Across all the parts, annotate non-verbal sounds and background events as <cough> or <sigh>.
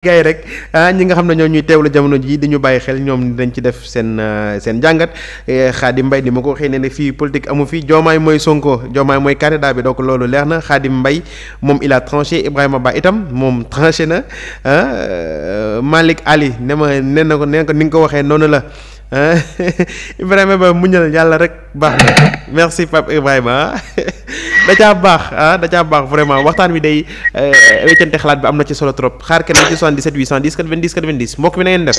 gars yi rek ah, ñi nga xam ne ñoo ñuy la jamono ji di ñu bàyyi xel ñoom dañ ci def seen ah, seen jàngat Xaadim eh, Mbay ni ma ko waxee ne ne fii politique amu fi Diomaye mooy Sonko Diomaye mooy candidat bi donc loolu leer na Xaadim Mbay moom il a tranché Ibrahima Ba itam moom tranché na ah, euh, Malick Ali ne ma nen na ko nee ni nga ko waxee noonu la <laughs> Ibrahima Ba muñal yàlla rek baax na merci Pape Ibrahima <laughs> da caa baax ah da caa baax vraiment waxtaan wi day eh, weccante xalaat bi am na ci solo trop xaar kenn ci 77 810 90 90 mbokk mi na ngeen def.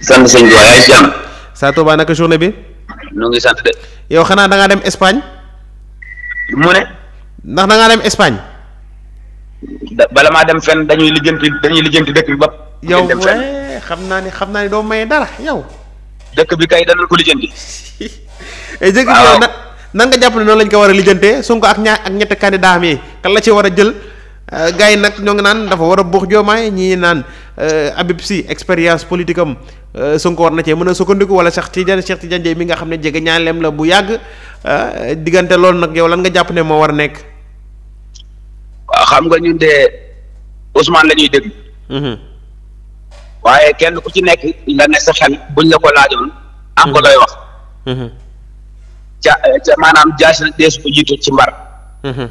sant sëñ bi waaye ay jàmm. saa Touba naka journée bi. ñu ngi sant de. yow xanaa da dem Espagne. mu ne. ndax da ngaa dem Espagne. bala maa dem fen dañuy lijjanti dañuy lijjanti dëkk bi ba. yow waaye eh, xam naa ni xam naa ni doo maye dara yow. dëkk bi kay danañ ko lijjanti. <laughs> Eh, waaw nan nga jàpp ne noonu lañ ko war a lijjantee Sonko ak ñaar ak ñetti candidat mi kan la ci war a jël euh, gars yi nag ñoo ngi naan dafa war a buux joomaay ñii naan euh, Habib Sy expérience politique am euh, Sonko war na cee mën a sukkandiku wala Cheikh Tidiane Cheikh Tidiane Dièye mi nga xam ne jege ñaaleem la bu yàgg diggante loolu nag yow lan nga jàpp ne moo war a nekk. waaw nga ñun de la ñuy dégg. Mhm. waaye kenn ku ci nekk la ne sa la ko laajoon. am nga mhm. looy wax. Mhm. ca eh, maanaam jaasi na deesu ko jiitu ci mbar. Mhm.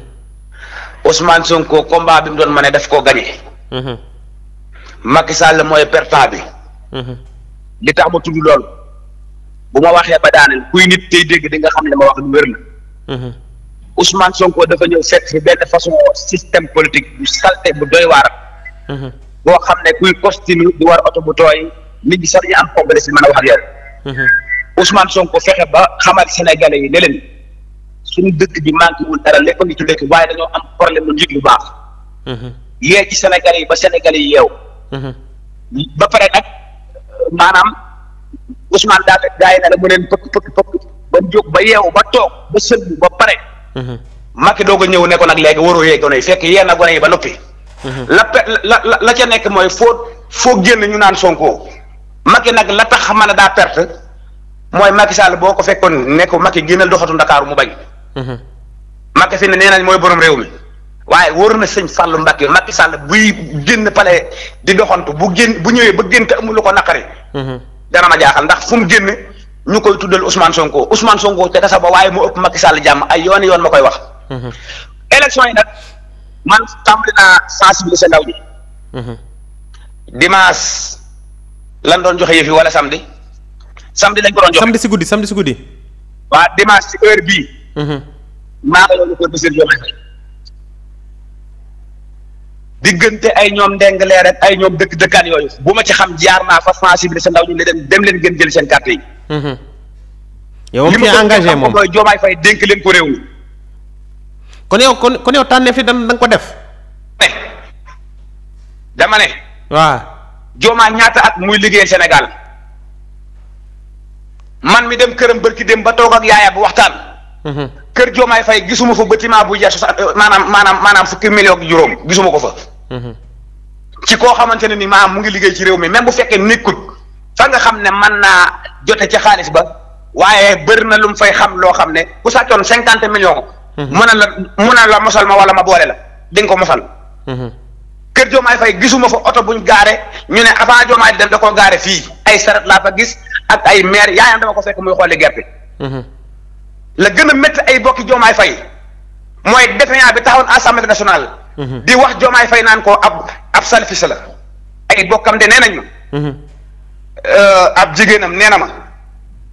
Ousmane Sonko combat bi mu doon mane daf koo gañe. Mhm. Macky Sall mooy perta bi. Mhm. li tax ma tudd loolu bu ma waxee ba daaneel kuy nit tey dégg di nga xam ne ma wax lu wér la. Ousmane Sonko dafa ñëw fekk fi benn façon système politique bu salte bu doy waar. boo xam ne kuy costume di war oto bu tooy nit ñi sax ñu am complexe mën a wax ak Ousmane Sonko fexe ba xamal Sénégalais yi ne leen suñu dëkk bi manqué wul dara lépp ngi ci lekk waaye dañoo am problème lu njëg lu baax. Mhm. yee ci Sénégalais yi ba Sénégalais yi yeew. Mhm. ba pare nag maanaam Ousmane daal rek gars yi ne la mu leen pëkk pëkk pëkk ba jóg ba yeewu ba toog ba sëlbu ba pare. Mhm. Macky doog a ñëw ne ko nag léegi waroo yee gone yi fekk yee na gone yi ba noppi. la la la la ca nekk mooy foo foo génn ñu naan Sonko. Macky nag la tax mën a daa perte. mooy Macky Sall boo ko fekkoon ne ko Macky génnal doxatu Ndakaaru mu bañ. Mhm. Macky fi ne nee nañ mooy borom réew mi waaye wóor na sëñ Fallou Mbacké Macky Sall buy génn pale di doxantu bu génn bu ñëwee ba génn te ko naqari. Mhm. dana ma jaaxal fu mu génn ñu koy tuddal Ousmane Sonko Ousmane Sonko te tasa ba waaye mu ëpp Macky jàmm ay yoon yoon ma koy wax. Mhm. élection yi nag man tàmbali naa sensibiliser ndaw ñi. dimanche doon joxe yëf yi wala samedi. samedi lañ ko doon joxe samedi si guddi samedi si guddi. waa dimanche ci heure bii. Mhm. diggante ay ñoom ndeng leer rek ay ñoom dëkk dëkkaan yooyu bu ma ci xam jaar naa fa sensibiliser ndaw ñu ne leen dem leen gën jël seen carte yi. Mhm. yow moom mooy Diomaye Faye dénk leen ko réew kon yow kon kon nga ko def. dama ne. waaw Diomaye ñaata at muy liggéeyal Sénégal. man mi dem këram bërki dem ba toog ak yaaya bu waxtaan. Mhm. kër Joomaay Fay gisuma fa bâtiment bu jeex euh, maanaam maanaam maanaam fukki million ak juróom gisuma ko fa. Mhm. ci koo xamante ne ni maanaam mu ngi liggéey ci réew mi même bu fekkee nekkut fa nga xam ne man naa jote ca xaalis ba waaye bëri na lu mu fay xam loo xam ne ku sàccoon cinquante millions. Mhm. mën a la mën a la mosal ma wala ma boole la di nga ko mosal. kër Joomaay Fay gisuma fa oto buñ gaare ñu ne avant Joomaay di dem da koo gaare fii ay saret laa fa gis. ak ay maire yaayam dama ko fekk muy xooli gerte. Mhm. la gën a métti ay bokki joomaay fay mooy défiant bi taxawoon assemblée nationale. Mhm. di wax joomaay fay naan ko ab ab salafiste la ay bokkam de nee nañ ma. Mhm. Euh, ab jigéenam nee na ma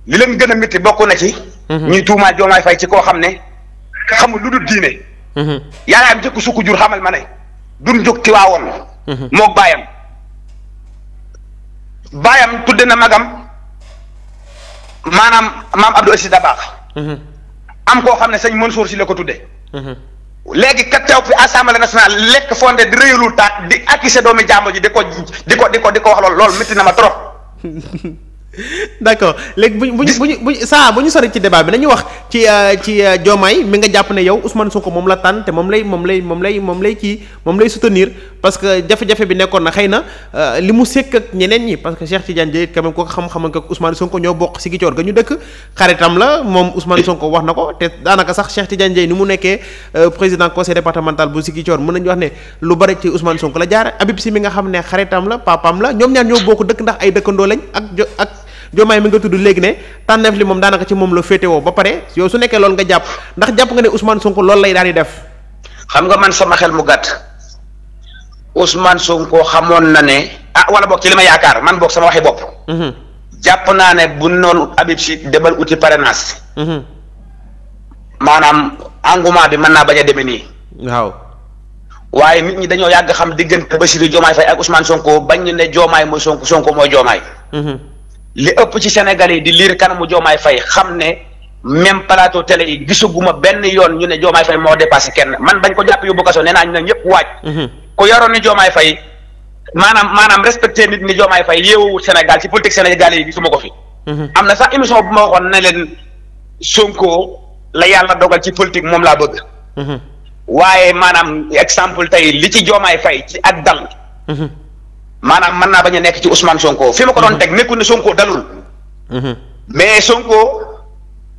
li leen gën a métti bokk na ci. ñuy tuumaal joomaay fay ci koo xam ne xamul lu dul diine. yaayam jëkku sukku jur xamal ma ne duñ jóg tiwaawoon. moog baayam baayam tudde na magam. maanaam maam Abdou Aziz Dabakh. Mhm. am koo xam ne sëñ Mansour si la ko tuddee. Mhm. léegi kat teew fi assemblée nationale lekk fondé di rëyalul taat di accusé doomi jàmbur ji di ko di ko di ko di ko wax lool lool métti na ma trop. <laughs> d'accord léegi bu ñu bu ñu bu ñu saa bu ñu sori ci débat bi nañu wax ci euh, ci euh, Diomaye mi nga jàpp ne yow Ousmane Sonko moom la tànn te moom lay moom lay moom lay moom lay kii moom lay soutenir parce que jafe-jafe bi nekkoon na xëy na euh, li mu sekk ak ñeneen ñi parce que Cheikh Tidiane Dièye quand même ko xam-xam ak Ousmane Sonko ñoo bokk si Ziguinchor ga ñu dëkk xaritam la moom Ousmane <coughs> Sonko wax na ko te daanaka sax Cheikh Tidiane Dièye ni mu nekkee président conseil départemental bu Ziguinchor mën nañu wax ne lu la jaar Habib Sy nga xam ne xaritam la papam la ñoom ñaar ñoo bokk dëkk ndax ay dëkkandoo lañ ak ak Diomaye mi nga tudd léegi ne tànneef li moom daanaka ci moom la féetewoo ba pare yow su nekkee loolu nga jàpp ndax jàpp nga ne Ousmane Sonko loolu lay daal di def. xam nga man sama xel mu gàtt Ousmane Sonko xamoon na ne. ah wala boog ci li ma yaakaar man boog sama waxi bopp. Mhm. jàpp naa ne bu noonu Habib Sy demal uti parrainage. Mhm. maanaam engouement bi man naa bañ a demee nii. waaw. waaye nit ñi dañoo yàgg xam diggante Bassirou Diomaye Faye ak Ousmane Sonko bañ ñu ne Diomaye Sonko Sonko mooy li ëpp ci yi di liir kanamu Diomaye fay xam ne même plateau télé yi gisaguma benn yoon ñu ne Diomaye Faye moo dépassé kenn man bañ ko jàpp yóbbu kaso nee naa ñu ne ñëpp waaj. Mhm. ku yoroon ni Diomaye Faye maanaam maanaam respecté nit ni fay Faye yeewuwut Sénégal ci politique sénégalais yi gisuma ko fi. Mhm. am na sax émission bu ma waxoon na leen Sonko la yàlla dogal ci politique moom laa bëgg. Mhm. waaye maanaam exemple tey li ci joomaay fay ci ak dal. maanaam mën naa bañ a nekk ci Ousmane Sonko fi ma ko doon mhm. teg nekkul ne Sonko mhm. mais Sonko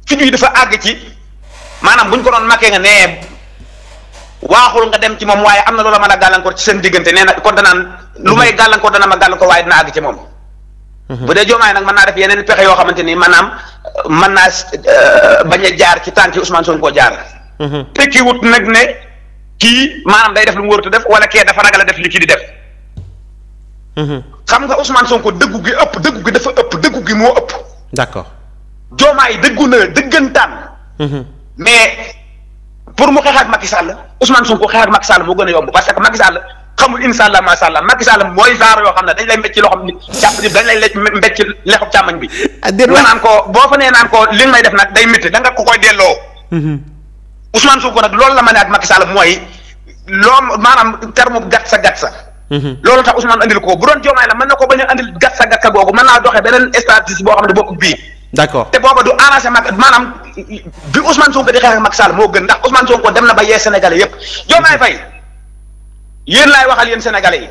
fi ñuy dafa àgg ci maanaam buñ ko doon makkee nga nee waaxul nga dem ci moom waaye am na loola mën a gàllankoor ci seen diggante nee na kon danaan lu mhm. dana ma gàllankoor waaye dina àgg ci moom. bu dee Diomaye nag mën naa def yeneen pexe yoo xamante ni maanaam euh, mën naa euh, bañ a jaar ci tànki Ousmane Sonko jaar. tekki wut nag ne kii maanaam day def lu mu def wala kee dafa ragal a def li kii di def. xam nga Ousmane Sonko dëggu gi ëpp dëggu gi dafa ëpp dëggu gi moo ëpp. d'accord joomaay dëggu na dëggantaan. Mhm. mais pour mu xeex ak Macky Sall Ousmane Sonko xeex ak Macky Sall moo gën a yomb parce que Macky Sall xamul incha allah macha allah Macky Sall mooy genre yoo xam ne dañ lay mbecc loxo bi jàpp ni dañ lay mbecc lexu càmmañ bi. Ah, déedéet nga naan ko boo fa nee naan ko li def nag day métti da nga ko koy delloo. Mhm. Ousmane Sonko nag loolu la ma ne ak Macky Sall mooy loo maanaam terme gat sa gat sa. loolu tax Ousmane andil ko bu doon Diomaye la mën na ko bañ a andil gàtsa gàtsa googu mën naa doxee beneen stratégie boo xam ne bokkul bii. d'accord te booba du arrangé mag maanaam bi Ousmane Sonko di xeex ak Macky Sall moo gën ndax Ousmane Sonko dem na ba yee Sénégalais yépp Diomaye Faye yéen laay waxal yéen Sénégalais yi.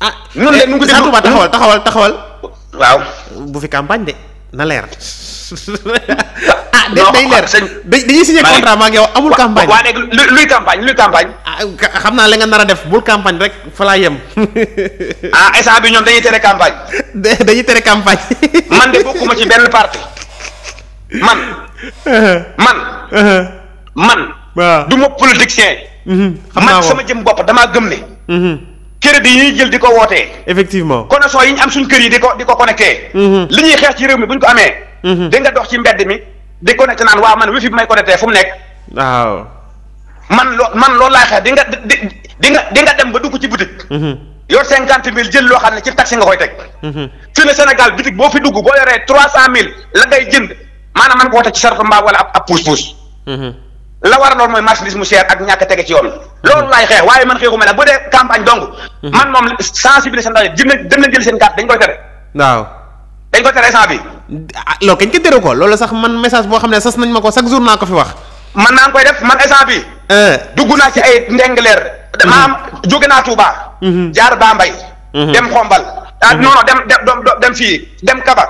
ah ñun de ñu ngi ko taxawal taxawal taxawal. waaw bu fi campagne de na leer. ah day leer dañuy signé contrat ak yow amul campagne. waaw léegi luy campagne luy campagne. xam naa la nga nar a def bul campagne rek fa laa yem. <laughs> ah instant bi ñoom dañuy tere campagne. dañuy tere campagne. <laughs> man de bokkuma ci benn parti man. <laughs> man. man. waaw du ma politicien. Mhm. man sama jëm bopp damaa gëm ne. Mhm. crédit yi ñuy jël di ko wootee. effectivement connexion yi ñu am suñ kër yi di ko di ko connecté. Mhm. li ñuy xeex ci réew mi bu ñu ko amee. di nga dox ci mbedd mi di connecté naan waa man wifi bi may connecté fu mu nekk. waaw. man loo man loolu laay xeex di nga di di nga di nga dem ba dugg ci boutique. Mm-hmm. yor cinquante mille jël loo xam ne ci taxi nga koy teg. Mm-hmm. fi ne Sénégal boutique boo fi dugg boo yoree trois cent mille la ngay jënd maanaam man ko wote ci saratu mbaa wala ab ab pousse mm-hmm. la war a loolu mooy marchandise mu cher ak ñàkk a tege ci yoon. loolu laay xeex waaye man xeexu ma nag bu dee campagne dong. man moom sensibiliser ndaw yi jëm nañ dem nañ jël seen carte dañ koy tere. waaw dañ koy tere instant bi ah, loolu boo xam ne sas nañ ma ko chaque jour naa ko fi wax. man naa koy def man bi Eh. dugg naa ci ay ndengleer. damaa mm-hmm. jóge naa Touba. Mm-hmm. jaar mbay mm-hmm. dem Xombal. ah non dem dem dem fii dem Kaba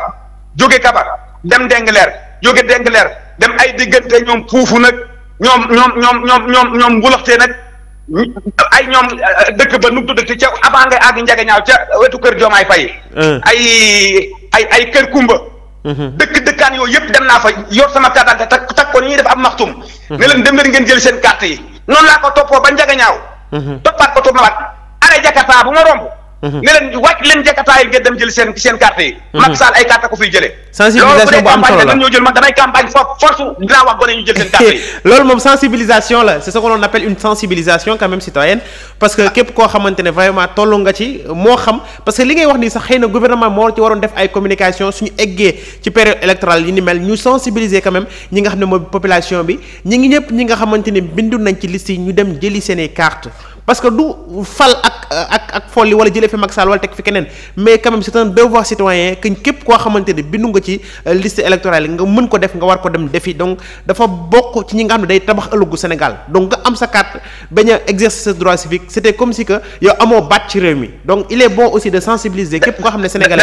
jóge Kaba dem ndengleer jóge ndengleer dem ay diggante ñoom puufu nag ñoom ñoom ñoom ñoom ñoom ñoom nag. ay ñoom eh, dëkk ba nu tudd ca avant ngay àgg njege ñaaw ca wetu kër Joomaay Fay eh. ay ay ay kër Kumba. dëkk dëkkaan yooyu yëpp dem naa fa yor sama carte tak tak ko ni ñuy def ab maxtum mhm. ne dem leen ngeen jël seen carte yi noonu laa ko toppoo ba njagañaaw mhm. toppaat ko tournawaat arrêt Jakarta bu ma romb Mhm. ne leen wàcc leen jekkataay ngeen dem jël seen seen carte yi mhm. Macky Sall ay carte ko fiy jëlee sensibilisation bu am solo ñoo jël man damay campagne foofu force dinaa wax gone ñu jël seen carte yi <laughs> loolu moom sensibilisation la c'est ce que l'on appelle une sensibilisation quand même citoyenne parce que képp ko xamante ne vraiment tollu nga ci moo xam parce que li ngay wax nii sax xëy na gouvernement moo ci waroon def ay communication suñu eggee ci période électorale yi ni mel ñu sensibiliser quand même ñi nga xam ne mooy population bi ñi ngi ñi nga xamante ne bindu nañ ci liste ñu dem jëli seen i carte parce que du fal ak ak ak folli wala jëlee fi Macky Sall wala teg fi keneen mais quand même c'est un devoir citoyen que képp koo xamante ne bindu nga ci euh, list électorale yi nga mën ko def nga war ko dem defi donc dafa bokk ci ñi nga xam ne day tabax ëllëgu Sénégal donc nga am sa carte bañ a exercer droit civique c'était comme si que yow amoo baat ci réew mi donc il bon aussi de sensibiliser képp koo xam ne Sénégalais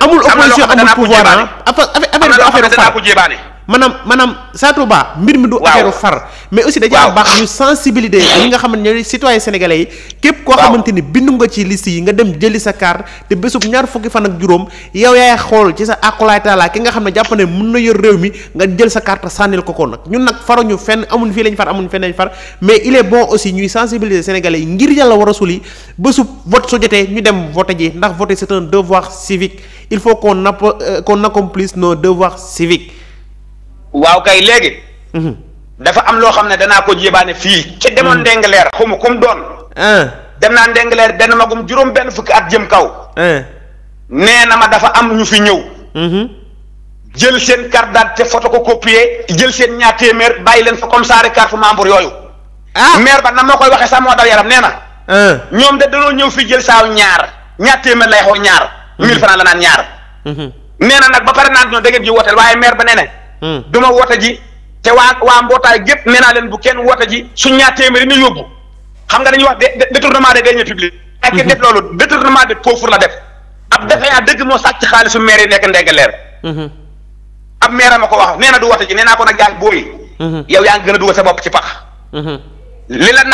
amul opposition amul pouvoir ah affaire affaire maanaam maanaam Sa Touba mbir mi du affaire far mais aussi dañu am baax ñu sensibiliser ñi nga xam ne ñooy citoyen képp koo xamante ni bindu nga ci liste yi nga dem jëli sa carte te bésu ñaar fukki fan ak juróom yow yaay xool ci sa akulaay taala ki nga xam ne jàpp ne mën na yor réew mi nga jël sa carte sànnil ko ko nag ñun nag faru faruñu fenn amuñ fii lañ far amuñ fenn lañ far mais il est bon aussi ñuy sensibiliser sénégalais yi ngir yàlla war a suli bésub jotee ñu dem vote ji ndax voter c'est un devoir civique il faut qu'on euh, qu'on accomplisse nos devoirs civiques waaw kay léegi. Mhm. dafa am loo xam ne danaa ko jébaane fii. ci demoon mhm. Ndengaleer xamu kum doon. Ah. dem naa Ndengaleer benn magum juróom benn fukki at jëm kaw. Ah. nee na ma dafa am ñu fi ñëw. Mhm. jël seen carte d'identité photo ko copier jël seen ñaar téeméer bàyyi leen fa comme ça rek carte membre yooyu. ah maire ba na moo koy waxee sax moo daw yaram nee na. Ah. ñoom de danoo ñëw fi jël saaw ñaar ñaar téeméer lay xool ñaar. 1000 francs la naan ñaar. nee na nag ba pare naan ñoo da ngeen waaye maire ba nee Hmm. du ma wote ji te waa waa mbootaay gépp nee naa leen bu kenn wote ji suñ ñaar téeméeri ñu yóbbu xam nga dañuy wax détournement des deniers publics ak hmm. def loolu détournement de pauvre la def ab defee a dëgg moo sàcc xaalisu maire yi nekk ndegg leer hmm. ab maire ma ko wax nee na du wote ji nee naa ko nag yaay booy yow yaa ngi gën a dugal sa bopp ci pax